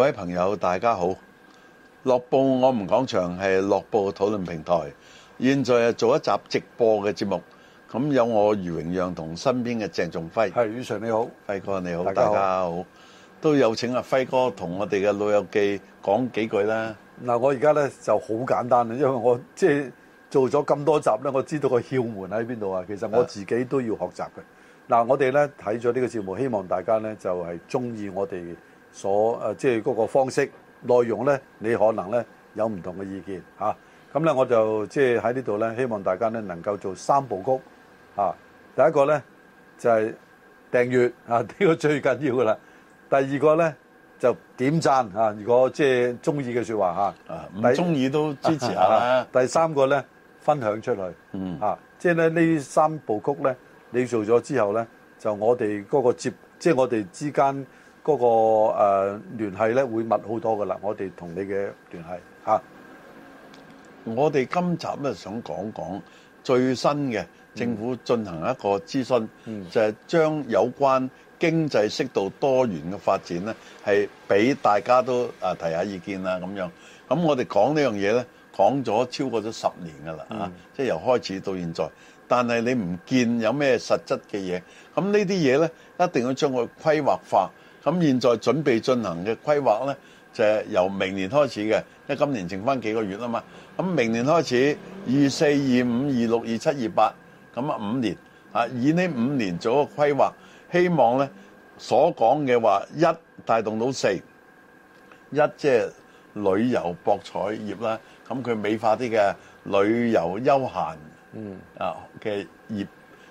各位朋友，大家好！樂報我們講場係樂報討論平台，現在做一集直播嘅節目。咁有我余榮讓同身邊嘅鄭仲輝，係余 Sir 你好，輝哥你好，好，大家好，都有請阿輝哥同我哋嘅老友記講幾句啦。嗱、啊，我而家咧就好簡單啦，因為我即係做咗咁多集咧，我知道個竅門喺邊度啊。其實我自己都要學習嘅。嗱、啊啊，我哋咧睇咗呢個節目，希望大家咧就係中意我哋。所即係嗰個方式內容咧，你可能咧有唔同嘅意見嚇。咁、啊、咧，我就即係喺呢度咧，希望大家咧能夠做三部曲、啊、第一個咧就係、是、訂閱嚇，呢、啊這個最緊要噶啦。第二個咧就點讚、啊、如果即係中意嘅説話嚇，唔中意都支持下、啊啊。第三個咧分享出去、啊嗯、即係咧呢三部曲咧，你做咗之後咧，就我哋嗰個接，即係我哋之間。嗰、個、呃、聯繫咧會密好多噶啦，我哋同你嘅聯繫吓，啊、我哋今集咧想講講最新嘅政府進行一個諮詢，嗯、就係將有關經濟適度多元嘅發展咧，係俾大家都啊提下意見啦咁樣，咁我哋講呢樣嘢咧，講咗超過咗十年噶啦，嗯、啊，即係由開始到現在，但係你唔見有咩實質嘅嘢。咁呢啲嘢咧，一定要將佢規劃化。咁現在準備進行嘅規劃呢，就係由明年開始嘅，因為今年剩返幾個月啊嘛。咁明年開始二四二五二六二七二八，咁啊五年啊，以呢五年做個規劃，希望呢所講嘅話一帶動到四，一即係旅遊博彩業啦，咁佢美化啲嘅旅遊休閒嗯啊嘅業，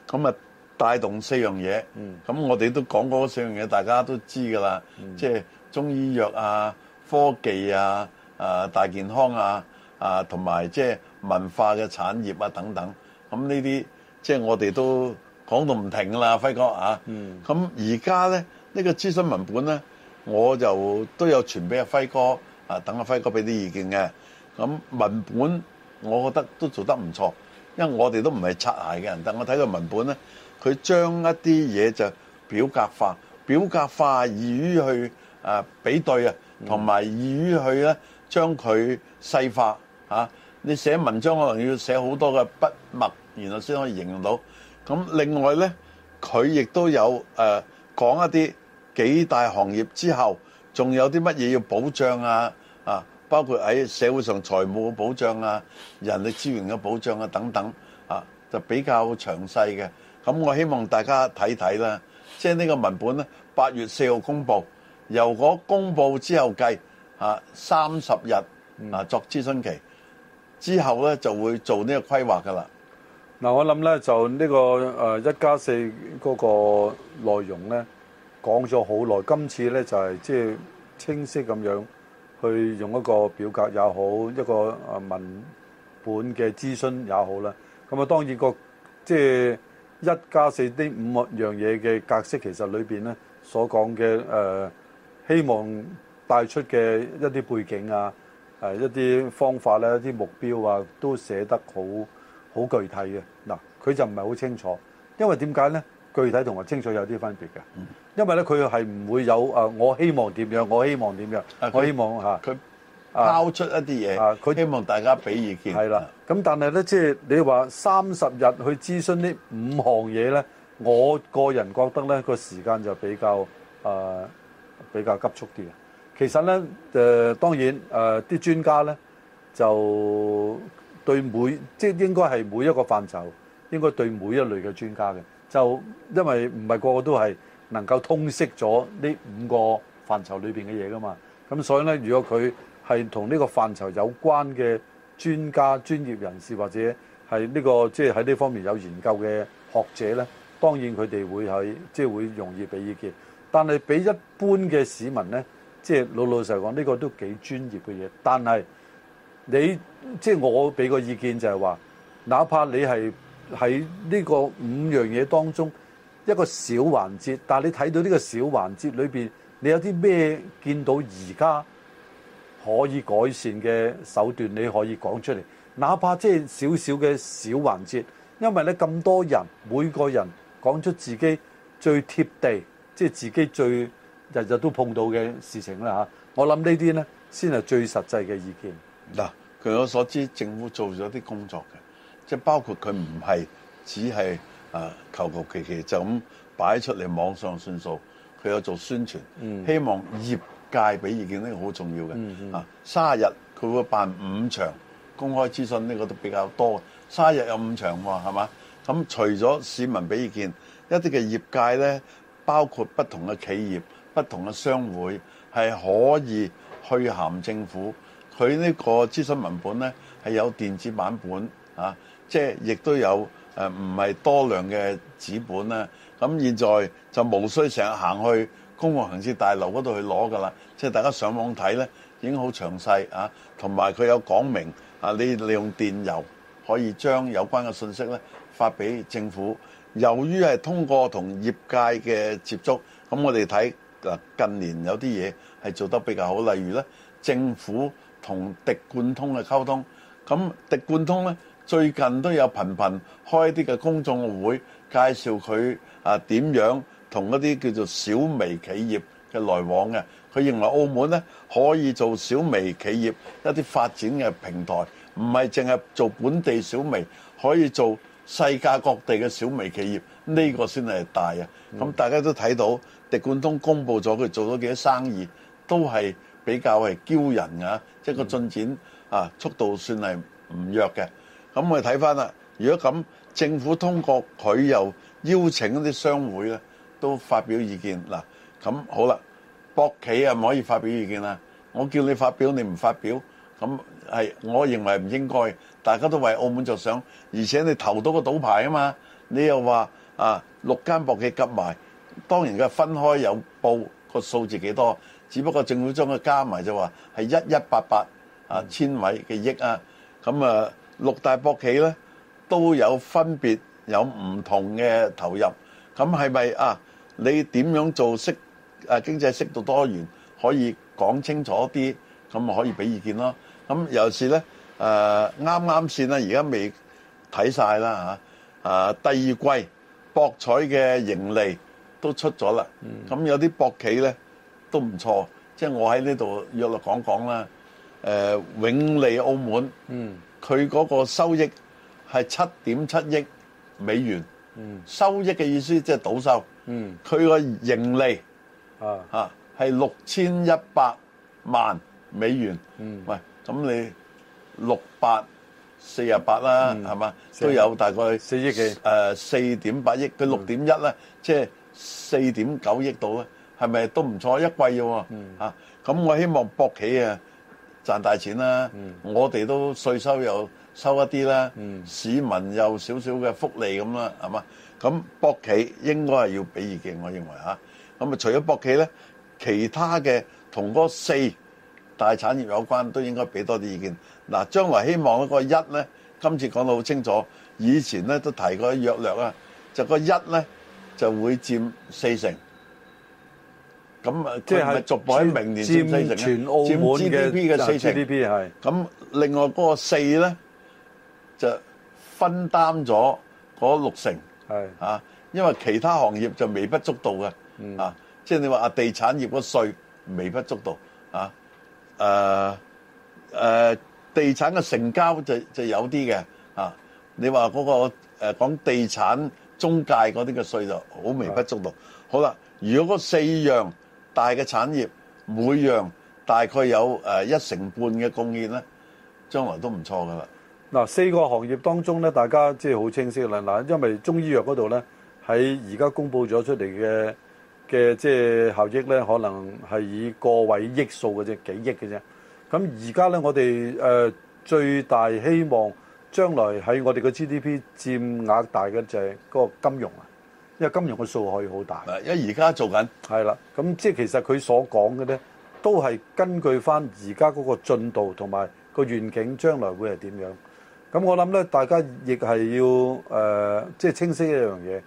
咁啊。帶動四樣嘢，咁、嗯、我哋都講過四樣嘢，大家都知㗎啦。即、嗯、係、即係、中醫藥啊、科技啊、啊大健康啊、啊同埋即係文化嘅產業啊等等。咁呢啲即係我哋都講到唔停㗎啦，輝哥啊。咁而家咧呢、呢個諮詢文本咧，我就都有傳俾阿輝哥啊，等阿輝哥俾啲意見嘅。咁文本我覺得都做得唔錯，因為我哋都唔係擦鞋嘅人，但我睇個文本咧。佢將一啲嘢就表格化，表格化易於去啊比對啊，同埋易於去咧將佢細化啊。你寫文章可能要寫好多嘅筆墨，然後先可以形容到。咁另外呢，佢亦都有誒講一啲幾大行業之後，仲有啲乜嘢要保障啊？啊，包括喺社會上財務嘅保障啊、人力資源嘅保障啊等等啊，就比較詳細嘅。咁我希望大家睇睇啦，即係呢個文本咧，八月四號公布，由嗰公布之後計啊三十日啊作諮詢期，之後咧就會做呢個規劃噶啦。嗱，我諗咧就呢個誒一加四嗰個內容咧講咗好耐，今次咧就係即係清晰咁樣去用一個表格也好，一個誒文本嘅諮詢也好啦。咁啊，當然，那個即係。就是一加四呢五樣嘢嘅格式，其實裏邊呢所講嘅誒，希望帶出嘅一啲背景啊，誒、呃、一啲方法咧、啊，一啲目標啊，都寫得好好具體嘅。嗱，佢就唔係好清楚，因為點解呢？具體同埋清楚有啲分別嘅，因為呢，佢係唔會有誒、呃、我希望點樣，我希望點樣，我希望嚇。交出一啲嘢，佢、啊、希望大家俾意見。係啦，咁但係呢，即、就、係、是、你話三十日去諮詢呢五項嘢呢，我個人覺得呢個時間就比較、呃、比較急促啲。其實呢，誒、呃、當然誒啲專家呢，就對每即係應該係每一個範疇應該對每一類嘅專家嘅，就因為唔係個個都係能夠通識咗呢五個範疇裏邊嘅嘢噶嘛，咁所以呢，如果佢。係同呢個範疇有關嘅專家、專業人士或者係呢個即係喺呢方面有研究嘅學者呢，當然佢哋會係即係會容易俾意見。但係俾一般嘅市民呢，即係老老實講，呢個都幾專業嘅嘢。但係你即係我俾個意見就係話，哪怕你係喺呢個五樣嘢當中一個小環節，但係你睇到呢個小環節裏邊，你有啲咩見到而家，可以改善嘅手段，你可以講出嚟，哪怕即係少少嘅小環節，因為咧咁多人，每個人講出自己最貼地，即係自己最日日都碰到嘅事情啦吓，我諗呢啲咧先係最實際嘅意見嗱、嗯，據我所知，政府做咗啲工作嘅，即係包括佢唔係只係啊求求其其就咁、是、擺出嚟網上算數，佢有做宣傳，希望業。界俾意見呢個好重要嘅，啊，三日佢會辦五場公開諮詢，呢個都比較多。三日有五場喎，係嘛？咁除咗市民俾意見，一啲嘅業界呢，包括不同嘅企業、不同嘅商會，係可以去函政府。佢呢個諮詢文本呢，係有電子版本，啊，即係亦都有誒唔係多量嘅紙本啦。咁現在就無需成日行去。公共行政大樓嗰度去攞㗎啦，即係大家上網睇咧已經好詳細啊，同埋佢有講明啊，你利用電郵可以將有關嘅信息咧發俾政府。由於係通過同業界嘅接觸，咁我哋睇近年有啲嘢係做得比較好，例如咧政府同迪冠通嘅溝通，咁迪冠通咧最近都有頻頻開啲嘅公眾會介紹佢啊點樣。同一啲叫做小微企業嘅來往嘅，佢認為澳門咧可以做小微企業一啲發展嘅平台，唔係淨係做本地小微，可以做世界各地嘅小微企業呢個先係大啊！咁大家都睇到，迪冠通公布咗佢做咗幾多生意，都係比較係驕人嘅，即係個進展啊速度算係唔弱嘅。咁我睇翻啦，如果咁政府通過，佢又邀請嗰啲商會咧。都發表意見嗱，咁、啊、好啦，博企啊唔可以發表意見啦。我叫你發表你唔發表，咁係我認為唔應該。大家都為澳門着想，而且你投到個賭牌啊嘛，你又話啊六間博企夾埋，當然佢分開有報個數字幾多，只不過政府將佢加埋就話係一一八八啊千位嘅億啊，咁啊六大博企呢都有分別有唔同嘅投入，咁係咪啊？你點樣做適？啊，經濟適度多元，可以講清楚啲，咁咪可以俾意見咯。咁尤其是呢，誒啱啱先啦，而家未睇晒啦啊，第二季博彩嘅盈利都出咗啦。咁有啲博企呢都唔錯，即、就、係、是、我喺呢度約略講講啦。誒、呃，永利澳門，佢、嗯、嗰個收益係七點七億美元。收益嘅意思即係賭收。嗯，佢個盈利啊啊係六千一百萬美元。嗯，喂，咁你六百四十八啦，係嘛？都有大概四億幾？誒，四點八億，佢六點一咧，即係四點九億到咧，係咪都唔錯？一季啫喎。嗯。啊，咁我希望博企啊賺大錢啦。嗯。我哋都稅收又收一啲啦。嗯。市民又少少嘅福利咁啦，係嘛？咁博企應該係要俾意見，我認為嚇。咁啊，除咗博企咧，其他嘅同嗰四大產業有關，都應該俾多啲意見。嗱，將來希望嗰個一咧，今次講得好清楚，以前咧都提過約略啦，就個一咧就會佔四成。咁啊，即係係逐步喺明年佔四成，全澳佔 G D P 嘅四成。咁另外嗰個四咧就分擔咗嗰六成。係啊，因為其他行業就微不足道嘅。啊，即係你話啊地產業個稅微不足道。啊，誒誒，地產嘅成交就就有啲嘅。啊，你話嗰個誒講地產中介嗰啲嘅稅就好微不足道。好啦，如果嗰四樣大嘅產業每樣大概有誒一成半嘅貢獻咧，將來都唔錯噶啦。嗱，四個行業當中咧，大家即係好清晰啦。嗱，因為中醫藥嗰度咧，喺而家公布咗出嚟嘅嘅即係效益咧，可能係以個位億數嘅啫，幾億嘅啫。咁而家咧，我哋誒、呃、最大希望將來喺我哋嘅 GDP 佔額大嘅就係嗰個金融啊，因為金融嘅數可以好大。因為而家做緊係啦，咁即係其實佢所講嘅咧，都係根據翻而家嗰個進度同埋個願景，將來會係點樣？咁我諗咧，大家亦係要誒，即係清晰一樣嘢。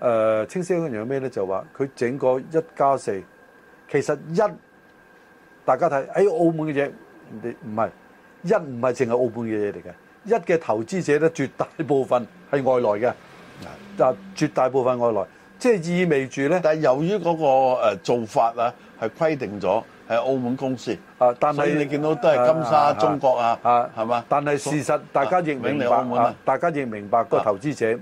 誒，清晰一樣咩咧？就話佢整個一加四，其實一，大家睇喺澳門嘅嘢，你唔係一唔係淨係澳門嘅嘢嚟嘅。一嘅投資者咧，絕大部分係外來嘅，絕大部分外來，即係意味住咧。但係由於嗰個誒做法啊，係規定咗。係澳門公司啊！但係你見到都係金沙、啊啊、中國啊啊，係嘛？但係事實大家亦明白，啊明啊啊、大家亦明白嗰個投資者嗰、啊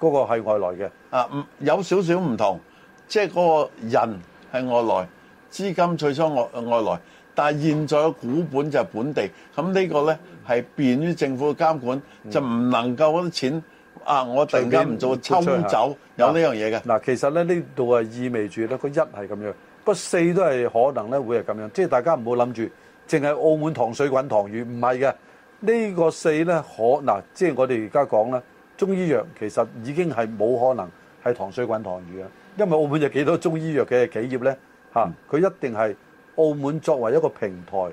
嗰個係外來嘅啊，有少少唔同，即係嗰個人係外來，資金最初外外來，但係現在嘅股本就係本地，咁呢個咧係便於政府嘅監管，就唔能夠嗰啲錢、嗯、啊，我突然間唔做抽走、啊、有呢樣嘢嘅嗱。其實咧呢度啊意味住咧，個一係咁樣。個四都係可能咧，會係咁樣，即係大家唔好諗住，淨係澳門糖水滾糖魚，唔係嘅。呢個四呢，可嗱，即係我哋而家講呢，中醫藥其實已經係冇可能係糖水滾糖魚嘅，因為澳門有幾多中醫藥嘅企業呢，嚇佢一定係澳門作為一個平台，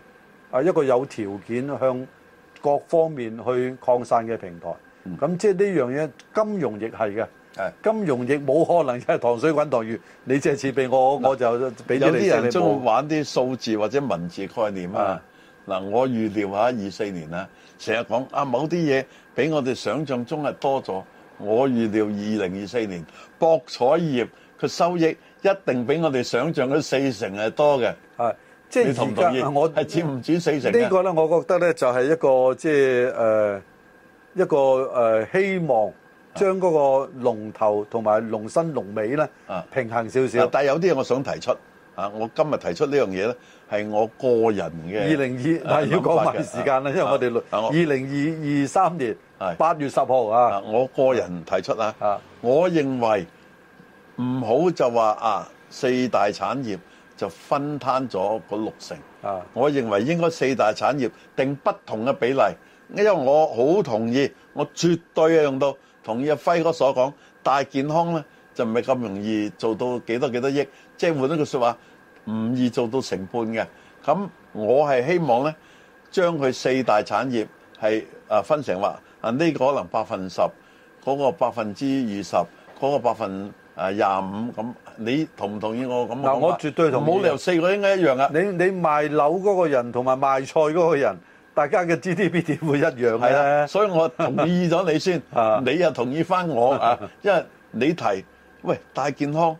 啊一個有條件向各方面去擴散嘅平台。咁即係呢樣嘢，金融亦係嘅。金融亦冇可能係糖水滾糖漿，你即係設畀我，我就俾咗你。有啲人中意玩啲數字或者文字概念啊。嗱，我預料下二四年啊，成日講啊某啲嘢比我哋想象中係多咗。我預料二零二四年博彩業佢收益一定比我哋想象嗰四成係多嘅。即係、就是、同唔同意？係轉唔轉四成、啊？呢、呢個咧，我覺得咧就係一個即係誒一個、呃、希望。將嗰個龍頭同埋龍身龍尾咧平衡少少，但係有啲嘢我想提出啊！我今日提出呢樣嘢咧，係我個人嘅二零二係要講埋時間啦，因為我哋二零二二三年八月十號啊，我個人提出啊。我認為唔好就話啊四大產業就分攤咗個六成啊，我認為應該四大產業定不同嘅比例，因為我好同意，我絕對用到。同意阿輝哥所講，大健康咧就唔係咁容易做到幾多幾多少億，即係換一句說話，唔易做到成半嘅。咁我係希望咧，將佢四大產業係分成話，啊、這、呢個可能百分十，嗰、那個百分之二十，嗰、那個百分二廿、那個、五咁。你同唔同意我咁？我絕對同冇理由四個應該一樣啊。你你賣樓嗰個人同埋賣菜嗰個人。大家嘅 GDP 點會一樣係、啊、所以我同意咗你先， 啊、你又同意翻我啊， 因為你提喂大健康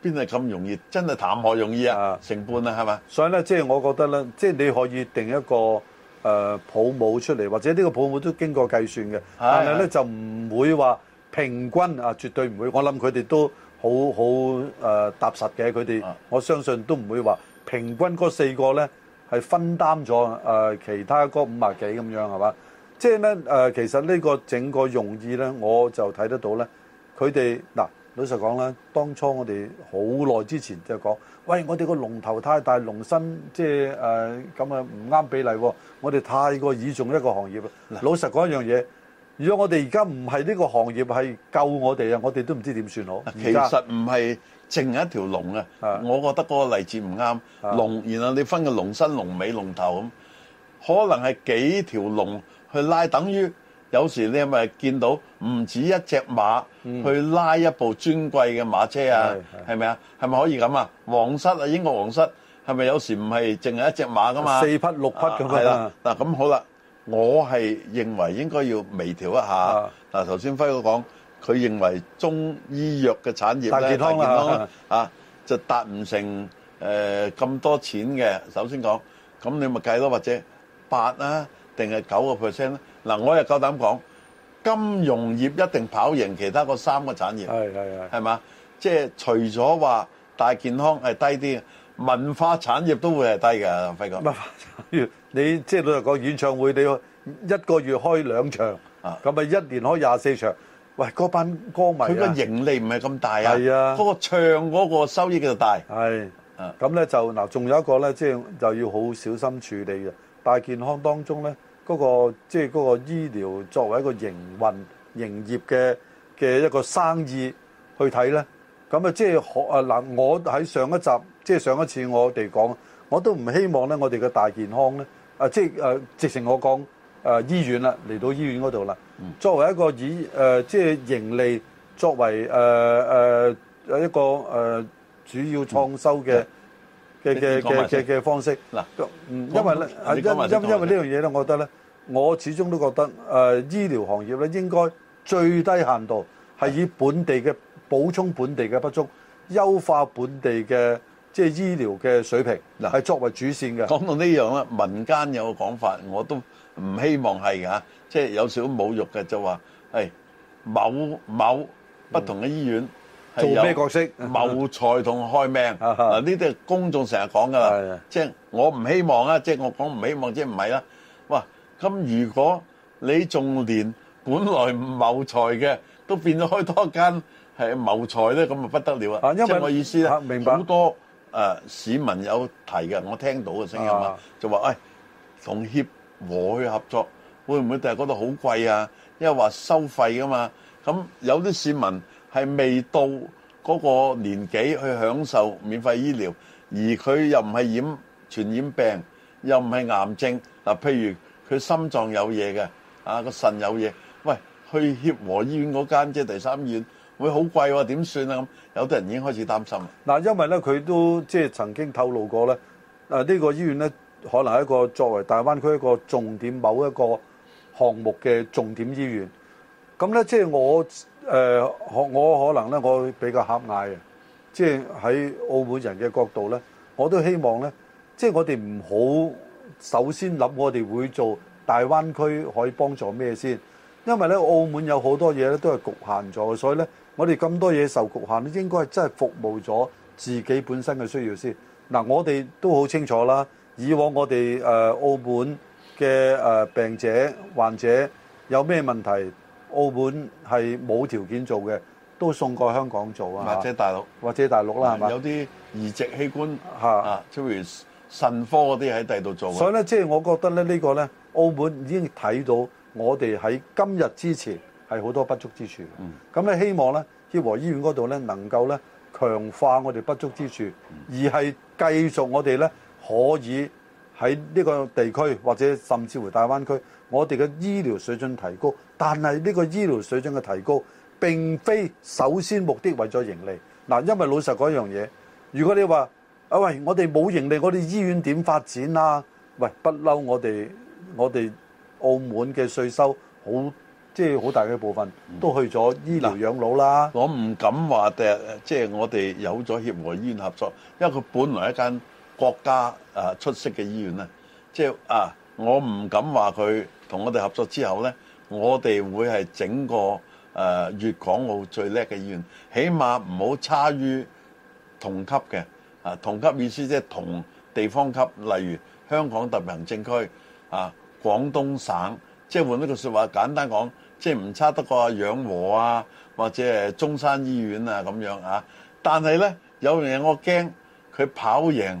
邊係咁容易，真係談何容易啊，是啊成半啊係嘛？所以咧，即、就、係、是、我覺得咧，即、就、係、是、你可以定一個誒、呃、普母出嚟，或者呢個普母都經過計算嘅、啊，但係咧、啊、就唔會話平均啊，絕對唔會。我諗佢哋都好好誒踏實嘅，佢哋、啊、我相信都唔會話平均嗰四個咧。係分擔咗誒、呃、其他嗰五百幾咁樣係嘛？即係咧誒，其實呢個整個用意咧，我就睇得到咧。佢哋嗱，老實講啦，當初我哋好耐之前就講，喂，我哋個龍頭太大，龍身即係誒咁啊唔啱比例喎、哦。我哋太過倚重一個行業。老實講一樣嘢，如果我哋而家唔係呢個行業係救我哋啊，我哋都唔知點算好。其實唔係。淨係一條龍啊！我覺得嗰個例子唔啱，龍，然後你分個龍身、龍尾、龍頭咁，可能係幾條龍去拉，等於有時你係咪見到唔止一隻馬去拉一部尊貴嘅馬車啊？係咪啊？係咪可以咁啊？皇室啊，英國皇室係咪有時唔係淨係一隻馬噶嘛、啊？四匹六匹咁係啦。嗱咁好啦，我係認為應該要微調一下。嗱，頭先輝哥講。佢認為中醫藥嘅產業咧，大健康啊，就達唔成誒咁多錢嘅。首先講咁，你咪計咯，或者八啊，定係九個 percent 咧嗱。我又夠膽講金融業一定跑贏其他嗰三個產業，係係係，係嘛？即係除咗話大健康係低啲，文化產業都會係低㗎。文化產業你即係老實講，演唱會你要一個月開兩場，咁咪一年開廿四場。喂，嗰班歌迷佢、啊、個盈利唔係咁大啊，嗰、啊那個唱嗰個收益就大。係，咁咧就嗱，仲有一個咧，即、就、係、是、就要好小心處理嘅。大健康當中咧，嗰、那個即係嗰個醫療作為一個營運、營業嘅嘅一個生意去睇咧，咁啊，即係學啊嗱，我喺上一集即係、就是、上一次我哋講，我都唔希望咧，我哋嘅大健康咧，啊即係、就是啊、直情我講。誒、呃、醫院啦，嚟到醫院嗰度啦。作為一個以誒、呃、即係盈利作為誒誒、呃呃、一個誒、呃、主要創收嘅嘅嘅嘅嘅方式嗱，因為咧，因因因為呢樣嘢咧，我覺得咧，我始終都覺得誒、呃、醫療行業咧，應該最低限度係以本地嘅補充本地嘅不足，優化本地嘅即係醫療嘅水平嗱，係作為主線嘅。講到呢樣啦，民間有個講法，我都。唔希望係㗎，即係有少少侮辱嘅，就話誒某某不同嘅醫院做咩角色？謀財同開命嗱，呢啲係公眾成日講㗎啦。即係我唔希望啊，即係我講唔希望，即係唔係啦。哇，咁如果你仲連本來唔謀財嘅都變咗開多間係謀財咧，咁啊不得了啊！即係我意思啦，明白好多誒市民有提嘅，我聽到嘅聲音啊，就話誒同協。和去合作，會唔會？定係覺得好貴啊？因為話收費噶嘛。咁有啲市民係未到嗰個年紀去享受免費醫療，而佢又唔係染傳染病，又唔係癌症。嗱，譬如佢心臟有嘢嘅，啊個腎有嘢。喂，去協和醫院嗰間即係第三院會好貴喎？點算啊？咁有啲人已經開始擔心。嗱，因為咧佢都即係曾經透露過咧，啊呢個醫院咧。可能一個作為大灣區一個重點某一個項目嘅重點醫院，咁呢即係我誒學我可能呢，我比較狹隘嘅，即係喺澳門人嘅角度呢，我都希望呢，即係我哋唔好首先諗我哋會做大灣區可以幫助咩先，因為呢，澳門有好多嘢呢都係局限咗，所以呢，我哋咁多嘢受局限呢，應該係真係服務咗自己本身嘅需要先。嗱，我哋都好清楚啦。以往我哋誒，澳門嘅誒，病者患者有咩問題？澳門係冇條件做嘅，都送過香港做啊，或者大陸，或者大陸啦，係嘛？有啲移植器官啊，譬如腎科嗰啲喺第度做。所以咧，即係我覺得咧，呢個咧，澳門已經睇到我哋喺今日之前係好多不足之處。嗯，咁咧，希望咧協和醫院嗰度咧能夠咧強化我哋不足之處，嗯、而係繼續我哋咧。可以喺呢個地區或者甚至乎大灣區，我哋嘅醫療水準提高，但係呢個醫療水準嘅提高並非首先目的為咗盈利嗱。因為老實講一樣嘢，如果你話啊，喂、哎，我哋冇盈利，我哋醫院點發展啊？喂，不嬲我哋，我哋澳門嘅稅收好即係好大嘅部分都去咗醫療養老啦、嗯。我唔敢話嘅，即係我哋有咗協和醫院合作，因為佢本來一間。國家啊，出色嘅醫院咧，即係啊，我唔敢話佢同我哋合作之後咧，我哋會係整個誒粵港澳最叻嘅醫院，起碼唔好差於同級嘅啊。同級意思即係同地方級，例如香港特別行政區啊，廣東省，即係換一句說話簡單講，即係唔差得過養和啊，或者係中山醫院啊咁樣啊。但係咧，有樣嘢我驚佢跑贏。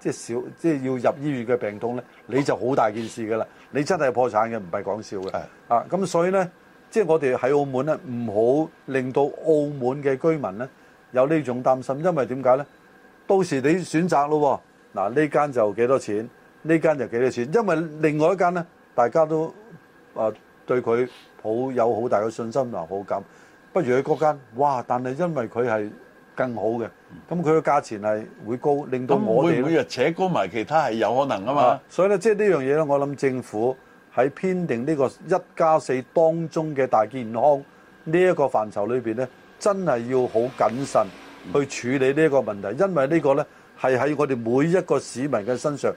即係少，即係要入醫院嘅病痛咧，你就好大件事㗎啦！你真係破產嘅，唔係講笑嘅。啊，咁所以呢，即係我哋喺澳門呢，唔好令到澳門嘅居民呢有呢種擔心，因為點解呢？到時你選擇咯，嗱呢間就幾多錢，呢間就幾多錢，因為另外一間呢，大家都啊對佢抱有好大嘅信心同好感，不如去嗰間。哇！但係因為佢係。更好嘅，咁佢嘅價錢係會高，令到我哋會每日扯高埋其他係有可能啊嘛。所以咧，即係呢樣嘢咧，我諗政府喺編定呢個一加四當中嘅大健康呢一個範疇裏邊咧，真係要好謹慎去處理呢一個問題，因為呢個咧係喺我哋每一個市民嘅身上，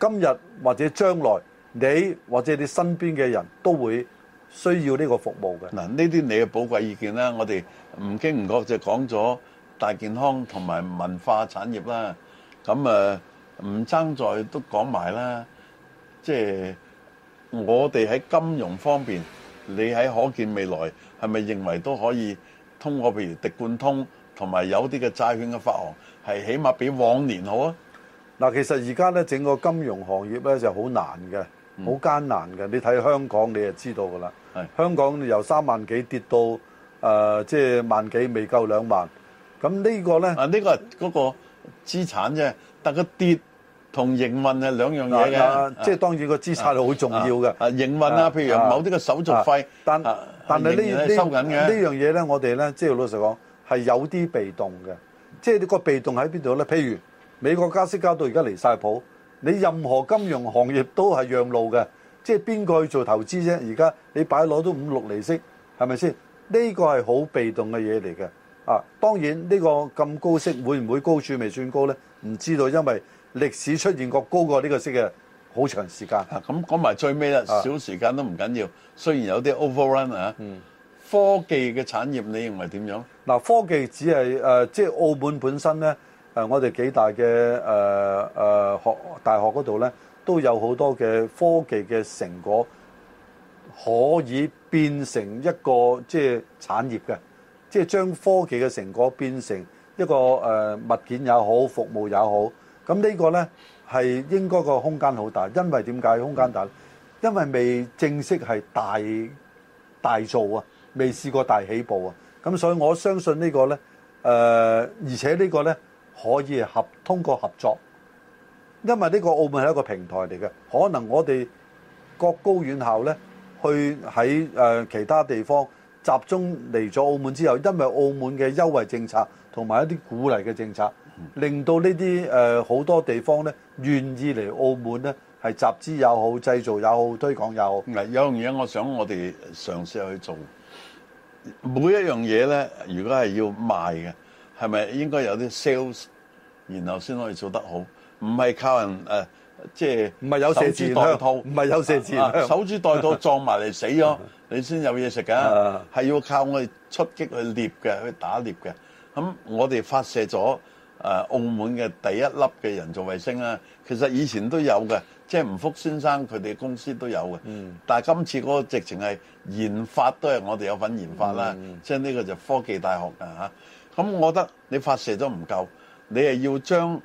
今日或者將來你或者你身邊嘅人都會需要呢個服務嘅。嗱，呢啲你嘅寶貴意見啦，我哋。唔經唔覺就講咗大健康同埋文化產業啦，咁誒唔爭在都講埋啦，即係我哋喺金融方面，你喺可見未來係咪認為都可以通過譬如滴灌通同埋有啲嘅債券嘅發行係起碼比往年好啊？嗱，其實而家咧整個金融行業咧就好難嘅，好艱難嘅。你睇香港你就知道㗎啦，香港由三萬幾跌到。誒、呃，即係萬幾未夠兩萬，咁呢個咧啊，呢、係個嗰個資產啫，但個跌同營運係兩樣嘢啊，啊即係當然個資產係好重要嘅，誒、啊、營、啊啊啊、運啊，啊，譬如某啲嘅手續費，啊、但、啊、但係呢收、啊、呢呢樣嘢咧，我哋咧即係老實講係有啲被動嘅，即係呢個被動喺邊度咧？譬如美國加息加到而家離晒譜，你任何金融行業都係讓路嘅，即係邊個去做投資啫？而家你擺攞到五六厘息，係咪先？呢、這個係好被動嘅嘢嚟嘅，啊，當然呢個咁高息會唔會高處未算高呢？唔知道，因為歷史出現過高過呢個息嘅好長時間。咁講埋最尾啦，少、啊、時間都唔緊要緊。雖然有啲 overrun、嗯啊、科技嘅產業你認為點樣？嗱、啊，科技只係誒、呃，即係澳門本身呢，誒、呃，我哋幾大嘅誒誒學大學嗰度呢，都有好多嘅科技嘅成果可以。變成一個即係產業嘅，即係將科技嘅成果變成一個、呃、物件也好，服務也好。咁呢個呢，係應該個空間好大，因為點解空間大？因為未正式係大大做啊，未試過大起步啊。咁所以我相信呢個呢，誒、呃，而且呢個呢，可以合通過合作，因為呢個澳門係一個平台嚟嘅，可能我哋各高院校呢。去喺誒其他地方集中嚟咗澳門之後，因為澳門嘅優惠政策同埋一啲鼓勵嘅政策，令到呢啲誒好多地方咧願意嚟澳門呢，係集資又好，製造又好，推廣又好。嗱，有樣嘢我想我哋嘗試去做，每一樣嘢呢，如果係要賣嘅，係咪應該有啲 sales，然後先可以做得好，唔係靠人誒。即係唔係有射箭袋套，唔係有射箭，守株待兔撞埋嚟死咗， 你先有嘢食㗎。係 要靠我哋出擊去獵嘅，去打獵嘅。咁我哋發射咗誒澳門嘅第一粒嘅人造衛星啦。其實以前都有嘅，即係吳福先生佢哋公司都有嘅、嗯。但係今次嗰個直情係研發都係我哋有份研發啦。即係呢個就科技大學啊嚇。咁我覺得你發射咗唔夠，你係要將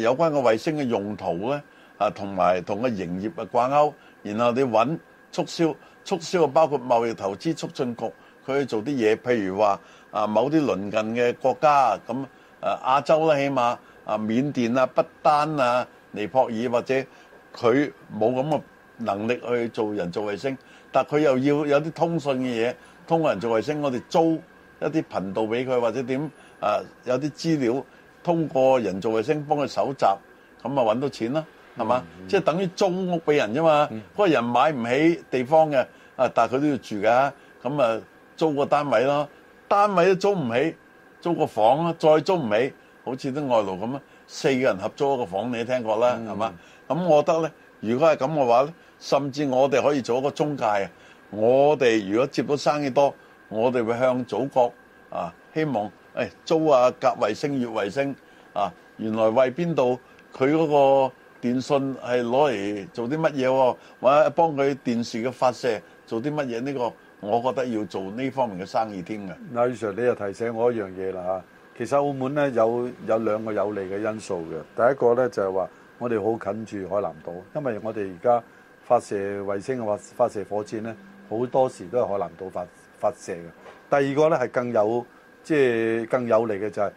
有關個衛星嘅用途咧。啊，同埋同個營業啊掛鈎，然後你揾促銷促銷啊。包括貿易投資促進局佢做啲嘢，譬如話啊，某啲鄰近嘅國家咁啊，亞洲啦，起碼啊，緬甸啊、不丹啊、尼泊爾或者佢冇咁嘅能力去做人造衛星，但係佢又要有啲通訊嘅嘢，通過人造衛星，我哋租一啲頻道俾佢，或者點啊有啲資料通過人造衛星幫佢搜集，咁啊揾到錢啦。係嘛？Mm -hmm. 即係等於租屋俾人啫嘛。嗰個人買唔起地方嘅啊，但係佢都要住㗎，咁啊租個單位咯。單位都租唔起，租個房，再租唔起，好似啲外勞咁啊，四個人合租一個房，你都聽過啦，Mm-hmm. 係嘛？咁我覺得咧，如果係咁嘅話咧，甚至我哋可以做一個中介啊。我哋如果接到生意多，我哋會向祖國啊，希望誒、哎、租啊，隔衛星、月衛星。啊。原來為邊度？佢嗰個。電信係攞嚟做啲乜嘢？或者幫佢電視嘅發射做啲乜嘢？呢個我覺得要做呢方面嘅生意添嘅。阿余生，你又提醒我一樣嘢啦吓。其實澳門咧有有兩個有利嘅因素嘅。第一個咧就係話我哋好近住海南島，因為我哋而家發射衛星或發射火箭咧，好多時都係海南島發發射嘅。第二個咧係更有即係更有利嘅就係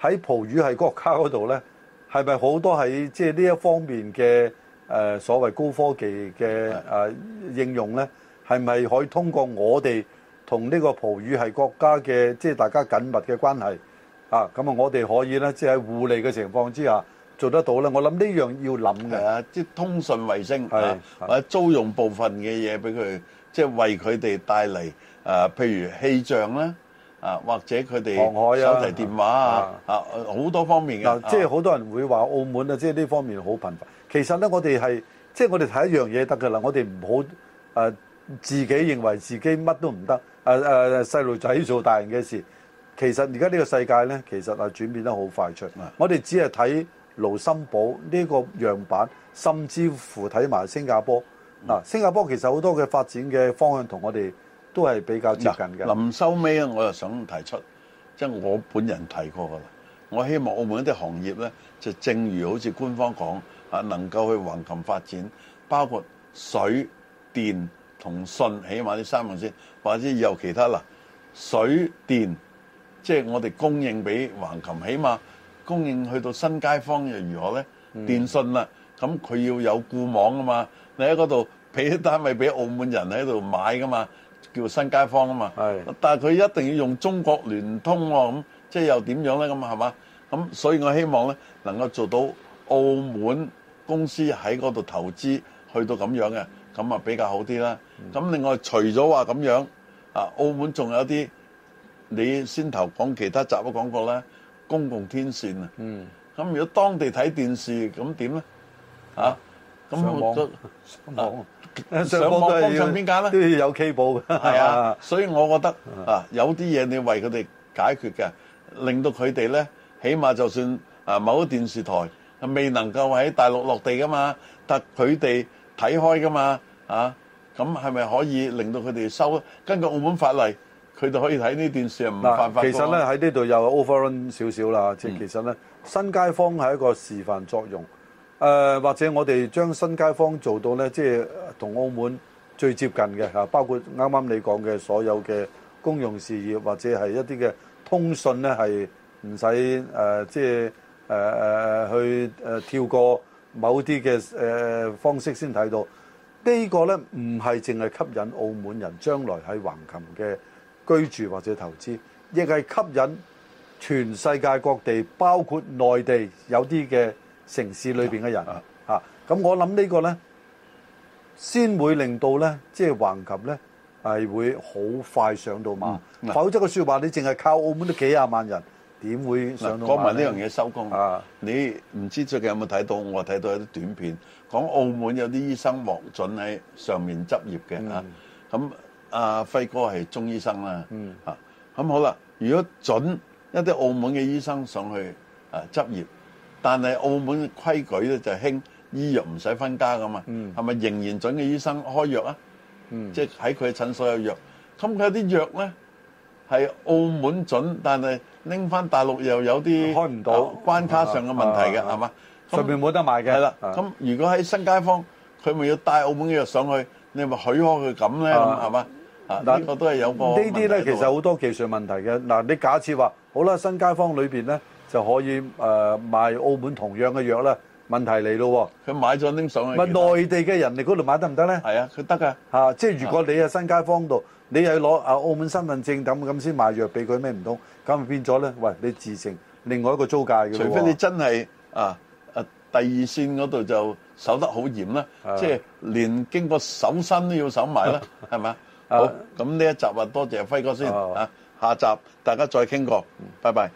喺葡語系國家嗰度咧。係咪好多喺即係呢一方面嘅誒所謂高科技嘅誒應用咧？係咪可以通過我哋同呢個葡語系國家嘅即係大家緊密嘅關係啊？咁啊，我哋可以咧，即係喺互利嘅情況之下做得到咧。我諗呢樣要諗嘅啊，即係通訊衛星啊，或者租用部分嘅嘢俾佢，即係為佢哋帶嚟誒，譬如氣象咧。啊，或者佢哋、航海啊、手提電話啊，啊好、啊啊、多方面嘅、啊啊，即係好多人會話澳門啊，即係呢方面好頻繁。其實咧，我哋係即係我哋睇一樣嘢得噶啦，我哋唔好誒自己認為自己乜都唔得。誒、呃、誒，細路仔做大人嘅事。其實而家呢個世界咧，其實啊轉變得好快脆、嗯。我哋只係睇盧森堡呢個樣板，甚至乎睇埋新加坡。嗱、啊嗯，新加坡其實好多嘅發展嘅方向同我哋。都係比較接近嘅。臨收尾啊，我又想提出，即係我本人提過嘅啦。我希望澳門一啲行業咧，就正如好似官方講啊，能夠去橫琴發展，包括水電同信，起碼呢三樣先，或者有其他嗱，水電即係我哋供應俾橫琴，起碼供應去到新街坊又如何咧？電信啦，咁佢要有固網啊嘛，你喺嗰度俾啲單位俾澳門人喺度買噶嘛？叫新街坊啊嘛，但係佢一定要用中國聯通喎，咁即係又點樣咧？咁係嘛？咁所以我希望咧能夠做到澳門公司喺嗰度投資去到咁樣嘅，咁啊比較好啲啦。咁另外除咗話咁樣啊，澳門仲有啲你先頭講其他集都講過啦，公共天線啊。咁如果當地睇電視咁點咧？啊？咁上網，上網都係、啊、要邊間咧？都要有 cable 嘅，係啊，啊，啊。所以我覺得啊，啊，有啲嘢你為佢哋解決嘅，令到佢哋咧，起碼就算啊某啲電視台係未能夠喺大陸落地噶嘛，但佢哋睇開噶嘛，啊，咁係咪可以令到佢哋收？根據澳門法例，佢哋可以睇呢電視啊，唔犯法。其實咧喺呢度又 overrun 少少啦，即、嗯、係其實咧，新街坊係一個示範作用。誒、呃、或者我哋將新街坊做到呢，即係同澳門最接近嘅包括啱啱你講嘅所有嘅公用事業或者係一啲嘅通訊，呢係唔使即係去，呃呃、跳過某啲嘅，呃、方式先睇到呢、呢個呢，唔係淨係吸引澳門人將來喺橫琴嘅居住或者投資，亦係吸引全世界各地包括內地有啲嘅。城市裏邊嘅人嚇，咁、啊啊、我諗呢個呢先會令到呢，即係橫琴呢，係會好快上到萬、嗯。否則嘅説話，嗯、你淨係靠澳門都幾廿萬人，點會上到萬？講埋呢樣嘢收工啦、啊。你唔知最近有冇睇到？我睇到有啲短片，講澳門有啲醫生獲准喺上面執業嘅嚇。咁、嗯、阿、啊啊、輝哥係中醫生啦嚇。咁、啊嗯啊、好啦，如果準一啲澳門嘅醫生上去啊執業。但係澳門的規矩咧就興醫藥唔使分家噶嘛，係、嗯、咪仍然準嘅醫生開藥啊？即係喺佢嘅診所有藥，咁佢有啲藥咧係澳門準，但係拎翻大陸又有啲開唔到關卡上嘅問題嘅係嘛？上面冇得賣嘅。係啦，咁如果喺新街坊，佢咪要帶澳門嘅藥上去？你咪許可佢咁咧，係嘛？啊，呢、這個都係有個呢啲咧，這些其實好多技術問題嘅。嗱、啊，你假設話好啦，新街坊裏邊咧。就可以誒賣澳門同樣嘅藥啦，問題嚟咯，佢買咗拎上去。咪內地嘅人嚟嗰度買得唔得咧？係啊，佢得噶嚇，即係如果你喺新街坊度，你係攞啊澳門身份證，咁咁先買藥俾佢咩唔通？咁咪變咗咧？喂，你自成另外一個租界嘅，除非你真係啊啊第二線嗰度就守得好嚴啦，即係連經過搜身都要守埋啦，係咪啊？好，咁呢一集啊，多謝輝哥先嚇，下集大家再傾過，拜拜。